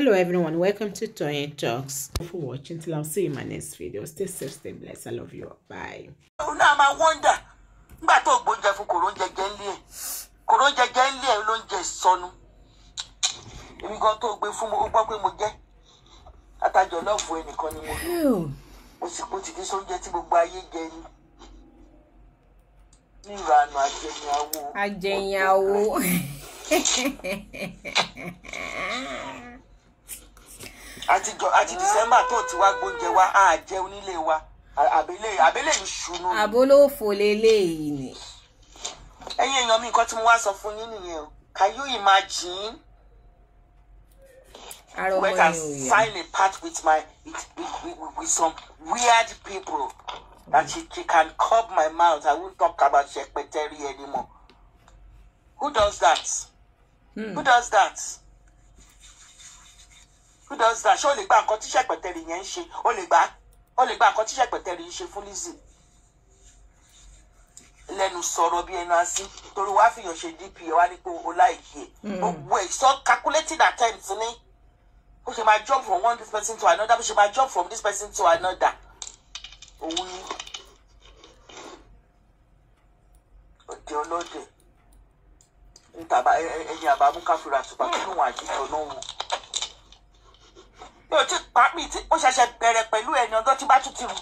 hello everyone welcome to Toyeen Talks Thank you for watching till i'll see you in my next video stay safe stay blessed i love you all bye òun náà àti jọ àti december tó ti wá gbóúnjẹ wa á jẹ onílé wa àbẹlẹ àbẹlẹ ìṣúná. àbólòfò leléyìí ni. ẹ̀yin èèyàn mi nǹkan tí mo wá sọ fún yín nìyẹn o can you imagine where I can sign a pact with my with, with, with, with some weird people that she, she can curb my mouth I won't talk about shekpeteri anymore who does that hmm. who does that who does that ṣé o lè gba nǹkan tí ṣẹ̀pẹ̀tẹ̀rì yẹn ń ṣe o lè gba o lè gba nǹkan tí ṣẹ̀pẹ̀tẹ̀rì ń ṣe fún Lizzy lẹ́nu sọ̀rọ̀ bí ẹnu asín torí wàá fìyàn ṣe dp ẹ wá ní pé o láìkí ẹ hmm. gbogbo ẹ sọ calculated attempt ní bó ṣe máa jump from one person to another bó ṣe máa jump from this person to another òun ni òde ọlọ́dẹ ẹ̀yìn àbámú káfíńrà tùpà kí ló wà àdìjọ náà wò mi tí pa tí ó ṣẹ̀ṣẹ̀ bẹ̀rẹ̀ pẹ̀lú ẹni ọjọ́ tí bá tún ti bá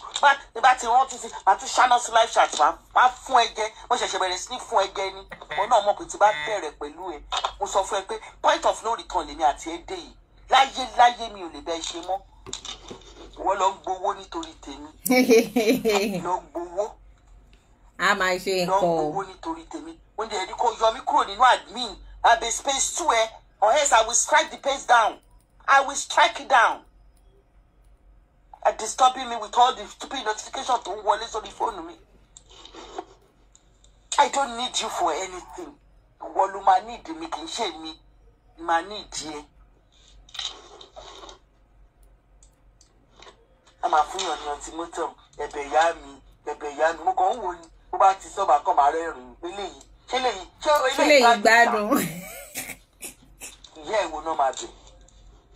ti rántí sí bá tún ṣáná sí live chat wá fún ẹgẹ mo ṣẹ̀ṣẹ̀ bẹ̀rẹ̀ sí ní fún ẹgẹ ni mo náà mọ̀ pé tí bá bẹ̀rẹ̀ pẹ̀lú ẹ mo sọ fún ẹ pé point of no return lèmi àti ẹ dé yìí láyé láyé mi ò lè bẹ́ẹ̀ ṣe mọ́ wọ́n lọ ń gbowó nítorí tèmi lọ gbowó a máa ṣe nǹkan o lọ gbowó nítorí tèmi I will strike it down. Are uh, disturbing me with all the stupid notifications tó ń wọlé sórí fóònù mi. I don't need you for anything. Ìwọ ló máa ní ìdí mi kì í ṣe mi. Màá ní ìdí ẹ. A máa fún yàn ní ọtí mọ́tọ̀m. Ẹ̀bẹ̀ ìyá mi, ẹ̀bẹ̀ ìyá mi. Mo kàn ń wò ni. Mo bá ti sọ́ba kọ́ màá rẹ́rìn-ín. Eléyìí, ṣé eléyìí, ṣé eléyìí gbádùn? Ìyá ìwo náà máa bẹ̀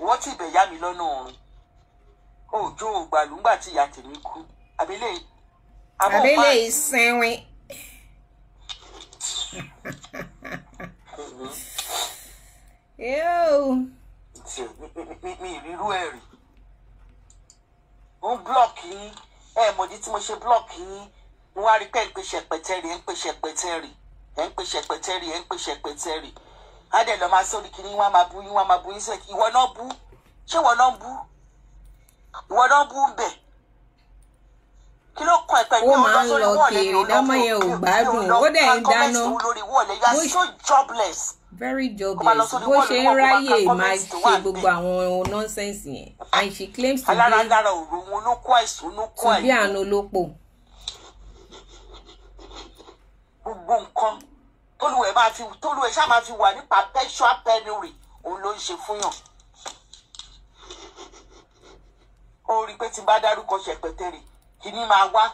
ìwọ́n tí ìbẹ̀ yá mi lọ́nà ọ̀run òjò ògbàlù ńgbà tí ìyá tèmi kú àbílẹ̀ àbílẹ̀ ìsinwin. mi ìrírú ẹ̀ rí ń blọọkì yín ẹ mọ̀dí tí mo ṣe blọọkì yín mo wá rí pé ń pèsè pẹ̀tẹ́rì ń pèsè pẹ̀tẹ́rì ń pèsè pẹ̀tẹ́rì ń pèsè pẹ̀tẹ́rì á dẹ̀ lọ́ máa sórí kiri wọ́n á máa bú yín wọ́n á máa bú yín sórí ìwọ náà bú ṣé ìwọ náà bú ìwọ náà bú ń bẹ̀ kí ló kọ ẹ̀pẹ́ ìwọ náà sórí wọ́ọ̀lẹ́ yìí ó dáná yẹn ò gbádùn ó dẹ̀ ń dáná very jobless bó ṣe ń ráyè máa ṣe gbogbo àwọn nonsense yẹn and she claims to be to be an olópò. gbogbo nǹkan tólúwẹ̀ máa fi tólúwẹ̀ ṣá máa fi wà ní perpetual penury òun ló ń ṣe fún yàn. ó rí i pé tí n bá dárúkọ ṣẹpẹtẹrì kìíní máa wá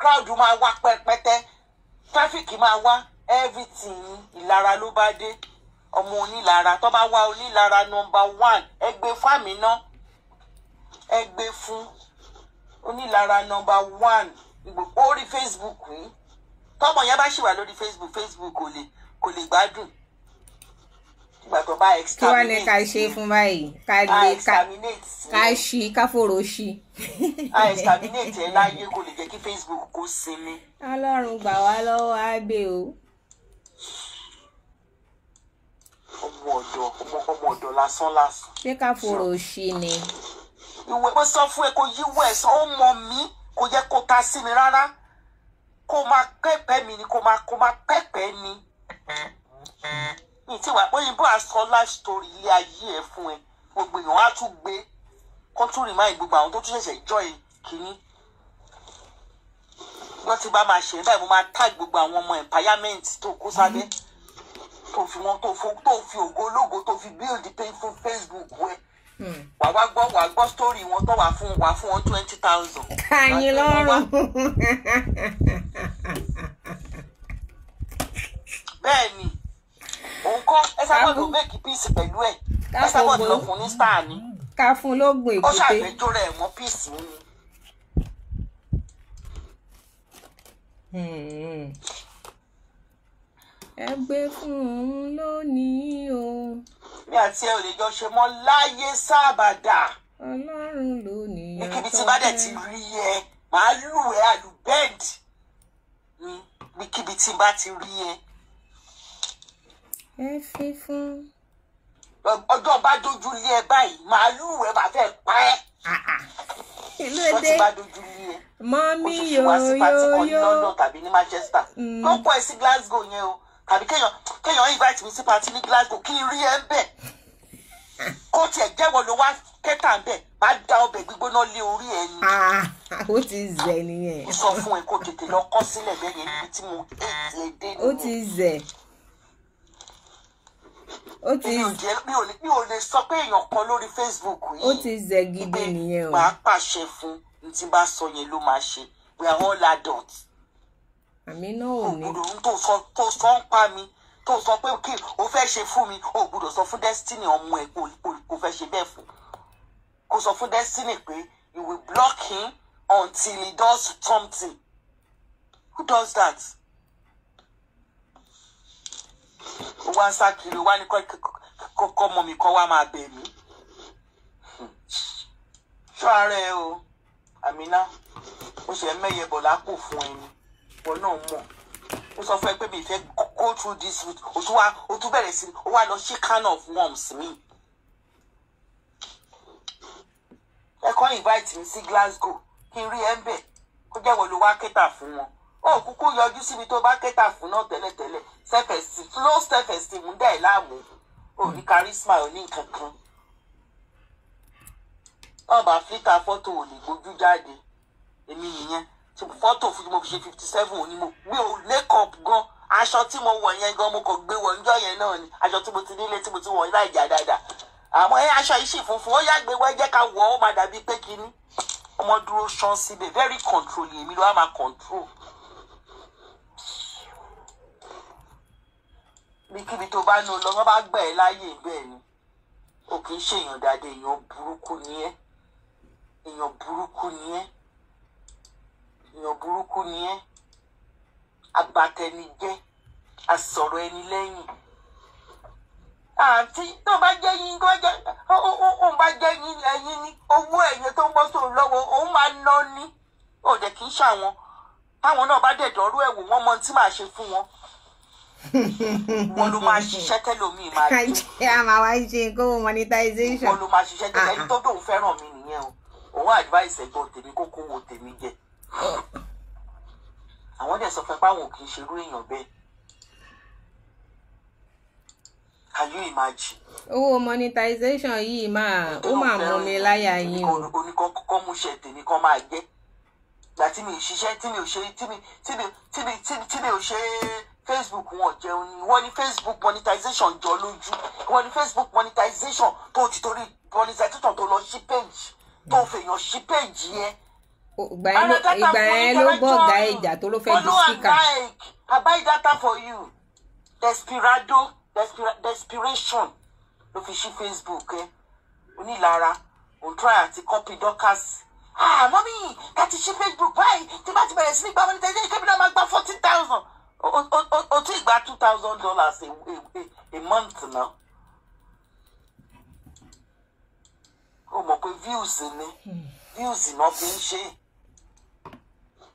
crowd máa wá pẹpẹtẹ traffic máa wá everything ìlara ló bá dé ọmọ onílara tó bá wá onílara number one ẹgbẹ́ fáàmì náà ẹgbẹ́ fún onílara number one orí Facebook yìí tọmọ yẹn bá ṣì wà lórí facebook facebook kò lè kò lè gbádùn ìgbà tó bá exterminate. kí wàá ní ká ṣe fún báyìí ká lè ká ṣí ká fòrò ṣí. a exterminate ẹ láyé kò lè jẹ́ kí facebook kó sinmi. ọlọ́run gbà wá lọ́wọ́ àgbẹ̀ o. ọmọ ọ̀dọ̀ ọmọ ọ̀dọ̀ lásán lásán. ṣé ká fòrò ṣí ni. ìwé mo sọ fún ẹ kó yíwọ ẹ̀sán ó mọ mi kò yẹ kó ta sí mi rárá kó máa pẹ́pẹ́ mi ni kó máa kó máa pẹ́pẹ́ ni. mi ti wà pé òyìnbó àsọ life story ilé ayé ẹ fún ẹ gbogbo èèyàn á tún gbé kó tún rìn máa gbogbo àwọn tó tún ṣẹ̀ṣẹ̀ jọ ẹ kìíní. wọ́n ti bá máa ṣe báyìí mo máa tag gbogbo àwọn ọmọ empowerment tó kó sábẹ́ tó fi wọn tó fo tó fi ògo ológo tó fi build painful Facebook wẹ. Hmm. wà wá gbọ́ wà gbọ́ story wọn tó wà fún wà fún wọn twenty thousand. kàyín lọ́rùn. bẹ́ẹ̀ ni òun kọ́ ẹ sábà ló bẹ́ẹ̀kì píìsì pẹ̀lú ẹ̀ ẹ sábà ló fún ní star ni ká fún lóògùn èkúté ó ṣàgbéjọ rẹ̀ mọ́ píìsì ni. Hmm. ẹ fún un lónìí o. mi àti ẹ ò lè jọ ṣe mọ́ láyé sábàdà. ọlọ́run ló ní ọkọ rẹ. níbi tí bá dẹ̀ ti rí ẹ màá lù ẹ́ àlùbẹ́ẹ̀dì níbikíbi tí bá ti rí ẹ ẹ fi fún. ọjọ́ bá dojú lé ẹ báyìí màálùú rẹ̀ bá fẹ́ pa ẹ́. ìlú ah, ah. èdè mọ́mí yòóyòóyò. ní London tàbí ní Manchester ló mm. pọ̀ sí Glasgow yẹn o tàbí kéèyàn kéèyàn invite mi sí party ní Glasgow kí n rí ẹ ń kó tiẹ̀ jẹ́wọ́ ló wá kẹta ń bẹ̀ má da ọbẹ̀ gbígbóná lé orí ẹ ni. Ah, ó ti zẹ̀ nìyẹn. sọ fún ẹ kó tètè lọ kọ sílẹ̀ bẹ́ẹ̀ yẹn níbi tí mo ètè ẹ dé nìyẹn. ó ti zẹ̀ ó ti mi ò jẹ mi ò mi ò lè sọ pé èèyàn kan lórí Facebook yìí ó ti zẹ gidi nìyẹn o máa pàṣẹ fún ní tí bá sọ yẹn ló máa ṣe we are all adults. àmì náà ò ní. ògbódò tó sọ tó sọ ń pa mi tó sọ pé kí o fẹ́ ṣe fún mi ògbódò sọ fún Destiny ọmọ ẹ̀ kò fẹ́ ṣe bẹ́ẹ̀ fún kò sọ fún Destiny pé you will block him until he does something who does that ó wá ń sá kiri wá ní kọ́kọ́ ọmọ mi kọ́ wá máa bẹ̀ mí ṣọ́ ara ẹ o àmínà ó ṣe mẹ́yẹ bọ̀ lápò fún ẹni wọn náà mọ̀ ó sọ fún ẹ pé mi fẹ́ go through this route ó tún wá ó tún bẹ̀rẹ̀ sí ó wá lọ sí can of worms mi. ẹ kọ́ invite mi sí Glasgow kí n rí ẹ ń bẹ̀ kó jẹ́ wọ́n ló wá kẹ́tà fún wọn òkúkú yọjú síbi tó bá kẹta fún náà tẹ́lẹ̀tẹ́lẹ̀ self esteem low self esteem ń dẹ̀ láàmú òní charisma òní kankan ọba fíta fọ́tò ò lè gbójú jáde èmi nìyẹn fọ́tò fún mo fi ṣe fifty seven òní mo mi ò makeup gan aṣọ tí mo wọ̀ yẹn gan mo kàn gbé wọ̀ níjọ́ yẹn náà ni aṣọ tí mo ti nílé tí mo ti wọ̀ láì jà dáadáa àmọ́ ẹ aṣọ yìí sì funfun ó yàgbé wẹ́ jẹ́ ká wọ̀ ó má dàbí pé kínní ọmọ dúró ṣan síbẹ̀ very controlling èmi ló wá máa control ibikíbi tó bá lọ lọ bá gbà ẹ́ láàyè bẹ́ẹ̀ ni o kì í ṣèyàn dáadé èèyàn burúkú ni ẹ́ èèyàn burúkú ni ẹ́ èèyàn burúkú ni ẹ́ abatẹnijẹ́ asọ̀rọ̀ ẹni lẹ́yìn àǹtí tó bá jẹ́ yín tó bá jẹ́ òun bá jẹ́ yín ẹ̀yìn ni owó ẹ̀yìn tó ń bọ́ sóun lọ́wọ́ òun máa ná ní òde kì í ṣàwọn táwọn náà bá dẹ̀ dọ́rú ẹ̀wò wọ́n mọ tí màá ṣe fún wọn wọn ló máa ṣiṣẹ́ tẹ́lómìn máa dùn. ẹ a wá ṣe kówó monetization. wọn ló máa ṣiṣẹ́ tẹ́lẹ̀ ẹni ah, ah. tó dòun fẹ́ràn mi nìyẹn o òun advice ẹ̀gbọ́n tèmi kó kówó tèmi jẹ. àwọn dẹ̀ sọ fẹ́ páwọn ò kì í ṣerú èèyàn bẹ́ẹ̀. can you imagine. owó monetization yìí máa ó máa mú mi láyà yín o. oníkan kọ́kọ́ mú ṣe tèmi kan máa jẹ́ gbà tí mi ò ṣiṣẹ́ tí mi ò ṣe tí mi tí mi tí mi tí mi ò ṣe é facebook wọn jẹun ni wọ́n ní facebook monetization jọ lójú wọ́n ní facebook monetization tó ti torí monetization tó lọ sí page tó fèèyàn sí page yẹn. ìgbà yẹn ló bọ̀ ọ̀gá ìjà tó ló fẹ́ di síkà. I buy data for you desperado desperation ló fi sí facebook ẹ eh? onílara òun try àti copy dorcas ah mọ́mí ká ti sí facebook báyìí tí bá ti bẹ̀rẹ̀ sí ní gba monetization kébìnrin máa gba fourteen thousand o ti gba two thousand dollars a month náà o mọ̀ pé views ni views náà fi ń ṣe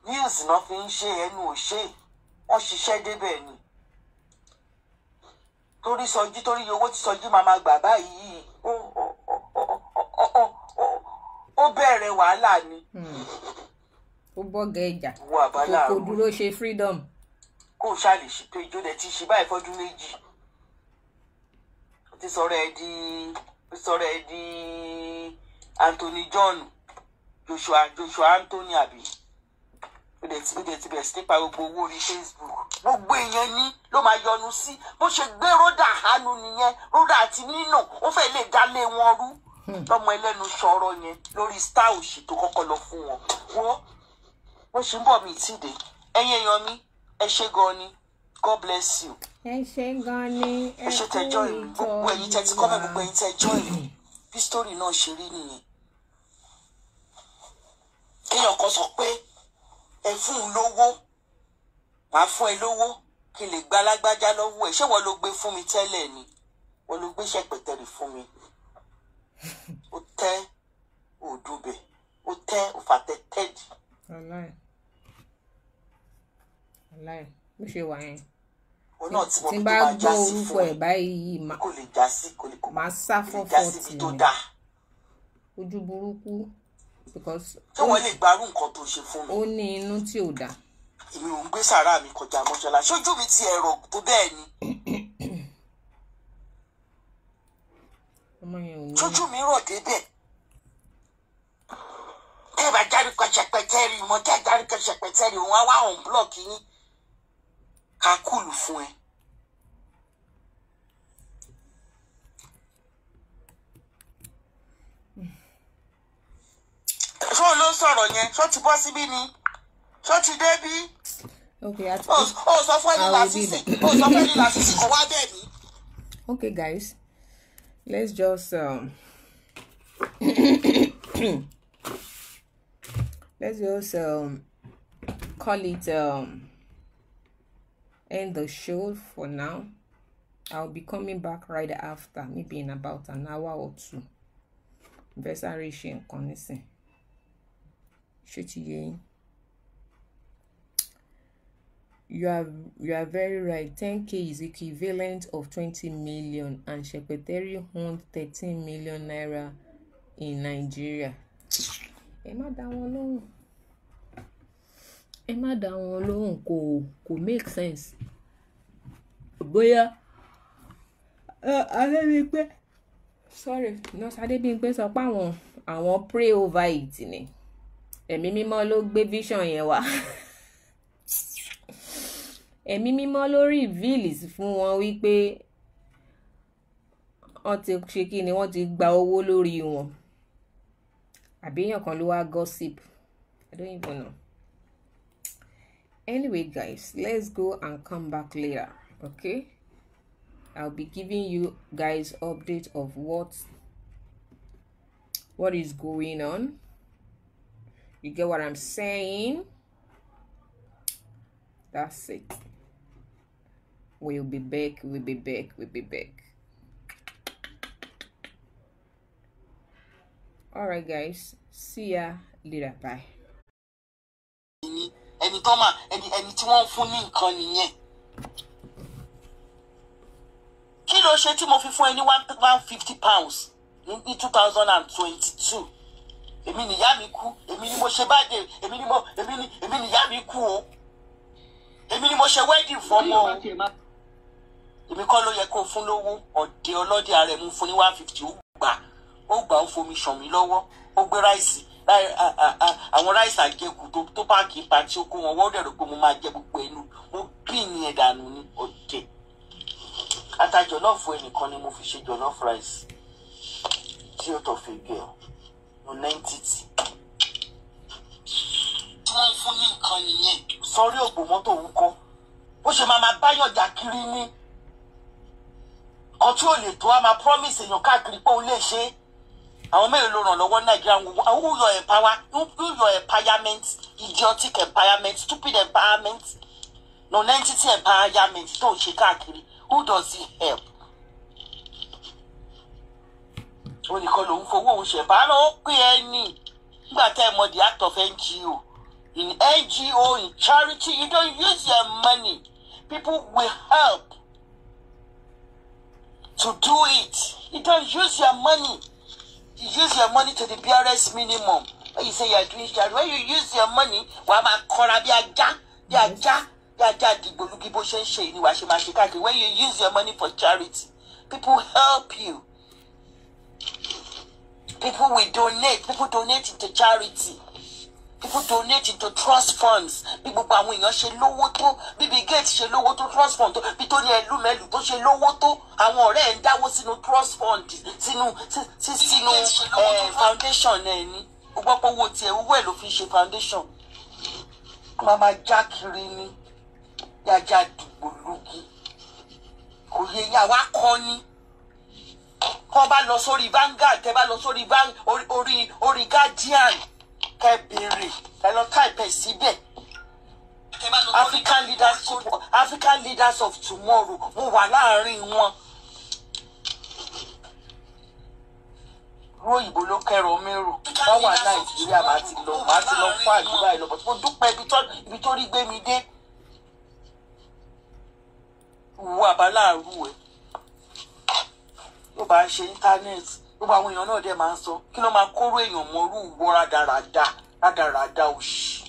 views náà fi ń ṣe ẹnu ò ṣe wọ́n ṣiṣẹ́ débẹ̀ ni torí sọjí torí owó tí sọjí máa ma gbà báyìí ó ó ó ó bẹ̀rẹ̀ wàhálà ni. Hmm. ó bọ́ gẹ̀ẹ́jà kò dúró ṣe freedom kó o ṣáà lè ṣe pé ìjọ dẹ̀ ti ṣe báyìí fọ́dún méjì ó ti sọ̀rọ̀ ẹ di ó ẹ di Anthony John Joshua Joshua Anthony àbí ó dẹ̀ ti ó dẹ̀ ti bẹ̀rẹ̀ sí nípa gbogbo owó orí Facebook gbogbo èèyàn ní ló máa yọnu sí bó ṣe gbé rọ́dà hanu nìyẹn rọ́dà àti nínà ó fẹ́ lè dálé wọn rú lọ́mọ ẹlẹ́nu sọ̀rọ̀ yẹn lórí star òṣì tó kọ́kọ́ lọ fún wọn wọ́n wọ́n ṣe ń bọ̀ mí tìde ẹ̀yìn èèyàn mi ẹ ṣé gan ni god bless you. ẹ ṣé gan ni ẹ ṣé tẹ join mi gbogbo ẹ̀yin tẹ ti kọ́mẹ̀ gbogbo ẹ̀yin tẹ join mi bí story náà ṣe rí nìyẹn. kéèyàn kan sọ pé ẹ fún un lówó màá fún ẹ lówó kí n lè gba alágbájá lọ́wọ́ ẹ ṣé wọ́n ló gbé fún mi tẹ́lẹ̀ ni wọ́n ló gbé ṣẹ̀pẹ̀tẹ̀rì fún mi ó tẹ́ òdùbẹ̀ ó tẹ́ òfàtẹ́tẹ́dì aláì bó ṣe wà yẹn tí n bá gbọ́ orúkọ ẹ̀ báyìí máa sá fọ́fọ́tì ni ojú burúkú because tí wọ́n lè gbarú nǹkan tó ṣe fún mi. ó ní inú tí ò dáa. èmi ò ń gbé sàrà mi kọjá mọ́ṣáláṣí ojú mi ti ẹ̀rọ tó bẹ́ẹ̀ ni. ọmọ mi rọ̀ débẹ̀ ẹ bá jáde kọsẹpẹtẹ rí mọ jẹ jáde òun á wá òun búlọọkì yín kakúlù fún ẹ. ṣó ló sọ̀rọ̀ yẹn ṣó ti bọ́ síbí ni ṣó ti dé bí. o sọ fún ẹni lásìsì o sọ fún ẹni lásìsì kò wá bẹ́ẹ̀ ni. okay guys let's just um, let's just um, call it um, end the show for now. I'll be coming back right after, maybe in about an hour or two. Versary ṣe nǹkan nísìn. You are, you are very right. 10k is equivalent of 20 million and secretary owned 13 million naira in Nigeria. Ẹ má dá wọn lóhùn ẹ má dá wọn lóhùn kò kò make sense bóyá Adébímpé sorry nurse Adébímpé sọ pé àwọn àwọn pray over it ni ẹ̀mí mímọ́ ló gbé vision yẹn wá ẹ̀mí mímọ́ ló reveal fún wọn wípé wọ́n ti ṣe kí ni wọ́n ti gba owó lórí wọn àbí èèyàn kan ló wá gossip I don't even know. anyway guys let's go and come back later okay i'll be giving you guys update of what what is going on you get what i'm saying that's it we'll be back we'll be back we'll be back all right guys see ya later bye ẹni tó ẹni ẹni tí wọ́n fún ní nǹkan nìyẹn kí ló ṣe tí mo fi fún ẹ ní one fifty pounds ní two thousand and twenty-two èmi nìyá mi kú èmi ni mo ṣe báde èmi ni mo èmi ni èmi nìyá mi kú o èmi ni mo ṣe wedding fọmọ o èmi kọ́ ló yẹ kó fún lówó ọ̀dẹ ọlọ́dẹ ara ẹ̀ mú fún ní one fifty ó gbà ó gbà ó fomi ṣàn mí lọ́wọ́ ó gbé ráìsì àwọn ráìsì àjẹkù tó páàkì ipa tí ó kó wọn wọ́n dẹ̀rọ pé mo máa jẹ gbogbo ẹnu mo gbìn ní ẹ̀dànù ní ọ̀dẹ̀ ata jọlọ́ọ̀fù ẹnìkan ni mo fi ṣe jọlọ́ọ̀fù ráìsì tí ó tọ̀ fègbè ọ̀ mo nẹ́ńtìtì. tí wọ́n fún ní nǹkan nìyẹn. sọrí ògbó mọ́tò ń ó ṣe máa máa báyọ̀jà kiri ní ọtí ò lè tó a máa promise èèyàn káàkiri pé ó lè ṣe é àwọn mẹ́rin ló ràn lọ́wọ́ nàìjíríà who your empower who your empowerment idiotic empowerment stupid empowerment No entity empowerment tó ń ṣe káàkiri who does he help. ó ní kọ́ ló ń fowó òun ṣe báárọ̀ ó pé ẹ ní nígbà tá ẹ mọ the act of NGO in NGO in charity you don't use your money people will help to do it you don't use your money use your money to the barest minimum when you say you are doing charity when you use your money wàá máa kọ́ra bí ajá bí ajá bí ajá dìgbòlugi bó ṣe ń ṣe ni wàá ṣe máa ṣe káàkiri when you use your money for charity people help you people will donate people donate to charity people donate into trust funds bí gbogbo àwọn èèyàn ṣe lówó tó bí Bill Gates ṣe lówó tó trust fund tó bí tó ní ẹlúmẹ̀lú tó ṣe lówó tó àwọn ọ̀rẹ́ ẹ̀ ń dáwó sínú trust fund sínú sínú eh, foundation ẹ̀ ní gbogbo owó tiẹ̀ owó ẹ̀ ló fi ṣe foundation mama jákiri ni yájà dùgbò lógi kò yẹ yà wá kọ́ ni kọ́ bá lọ sórí Vanguard tẹ́ bá lọ sórí orí orí Guardian kẹ́ béèrè ẹ lọ táìpẹ́ síbẹ̀ African leaders African leaders of tomorrow mo wà láàárín wọn. róyìnbó ló kẹrọ mérò wọn wà nàìjíríà máa ti lọ máa ti lọ fún àdúrà ìlọ bọ̀tí mo dúpẹ́ ibi tó rí gbé mi dé wo àbáláàrú ẹ ló bá ń ṣe íńtánẹ́ẹ̀tì gbogbo àwọn èèyàn náà dẹ̀ máa ń sọ kí ló máa kóró èèyàn mọ́rú wọ rádaràda rádaràda òṣì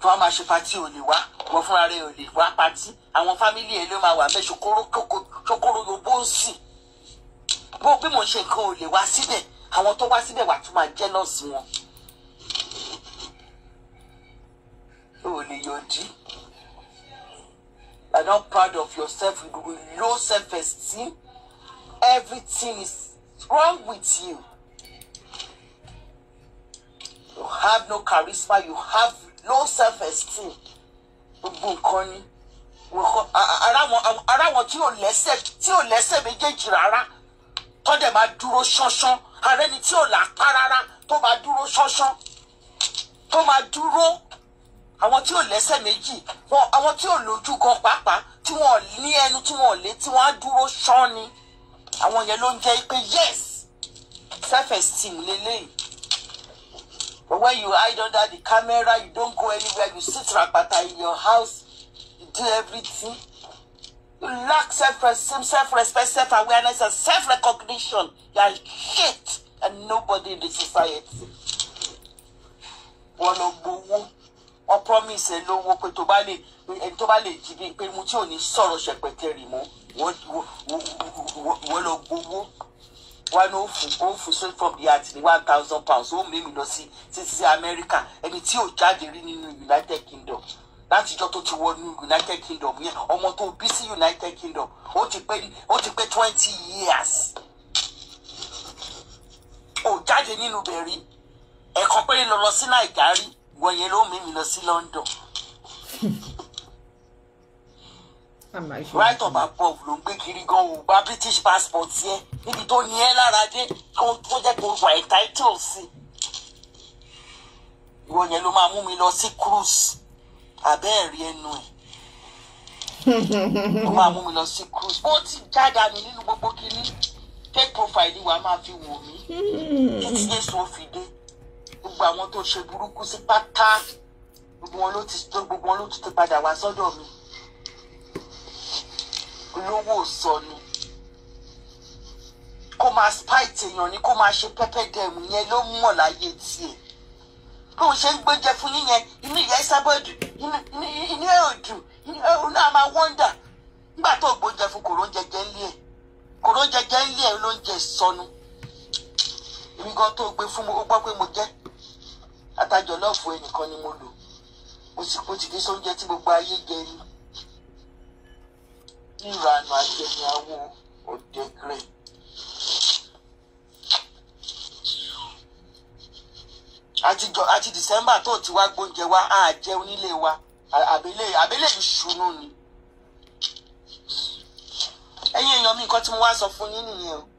tó a máa ṣe pati ò lè wá wọ́n fúnra rẹ̀ ò lè wá pati àwọn fámìlì ẹ̀ ló máa wà mẹ́ ṣokoro ṣokoro yòbó ń sìn bó bí mò ń ṣe nǹkan ò lè wá síbẹ̀ àwọn tó wá síbẹ̀ wà tún máa jẹ́lọ́sì wọn. ò lè yọjú you are not proud of yourself with low self-esteem Everything is wrong with you. You have no charisma, you have no self-esteem. Gbogbo nǹkan ni. Ara wọn tí ò lẹ́sẹ̀ tí ò lẹ́sẹ̀ méjèèjì rárá tó dẹ̀ máa dúró ṣánṣán. Ààrẹ ni tí ò lápá rárá tó máa dúró ṣánṣán. Tó máa dúró àwọn tí ò lẹ́sẹ̀ méjì àwọn tí ò lójú gan pàápàá tí wọ́n ní ẹnu tí wọ́n lé tí wọ́n á dúró ṣán ni àwọn yẹn ló ń jẹ́ pé yes self esteem lélẹ́yìí but when you hide under the camera you don't go anywhere you sit rapata in your house you do everything you lack self esteem self respect self awareness and self recognition you are shit and nobody in the society wọn lọ gbowó wọn promise ẹ lówó pé tó bá lè ẹni tó bá lè jí bí pé mo tí ò ní sọ̀rọ̀ ṣẹpẹtẹ rì mọ́ wọ́n lọ gbowó wá ní ó fún straight from the heart ní one thousand pounds ó mímì lọ sí sí Amẹ́ríkà ẹni tí ò jáde rí nínú United Kingdom látijọ́ tó ti wọnú United Kingdom yẹn ọmọ tó bí sí United Kingdom ó ti pé ó ti pé twenty years ò jáde nínú bẹ̀rí ẹ̀kan péré lọ lọ sí Nàìjíríà wọ̀nyẹn ló mímì lọ sí London right of above ló ń gbé kiri gan o bá british passport yẹ níbi tó ní ẹ lára dé tó jẹ́ kó wà entitled sí ìwọ yẹn ló máa mú mi lọ sí cruise àbẹ́ẹ̀rí ẹnu ẹ̀ ó máa mú mi lọ sí cruise ó ti jáde mi nínú gbogbo kínní take profile wa máa fi wò mí títí yéṣu ó fi dé gbogbo àwọn tó ṣe burúkú sí pátá gbogbo wọn ló ti padà wá sọ́dọ̀ mi. lówó sọnù kó máa spite èèyàn ni kó máa ṣe pẹ́pẹ́ dẹ̀mù yẹn ló mọ̀ láyé tiẹ̀ bó ṣe ń gbọ́jẹ fún yín inú ìyá ìsábọ̀dù inú ẹ̀ ò dùn inú àmà wọ́ndà nígbà tó gbọ́jẹ fún kòró jẹjẹ ńlẹ̀ kòró jẹjẹ ńlẹ̀ ló ń jẹ sọnù èmi gan tó gbé fún mi ó gbọ́ pé mo lọ́ọ̀fù ẹnìkan ni mo lò mo ti dé tí gbogbo ayé jẹ ni. ìrànà àtẹ̀yàwó òde grey. àti jọ àti december tó ti wá gbóúnjẹ wa á jẹ onílé wa àbílẹ̀ àbílẹ̀ ìṣúná ni. ẹ̀yin èèyàn mi nǹkan tí mo wá sọ fún yín nìyẹn o.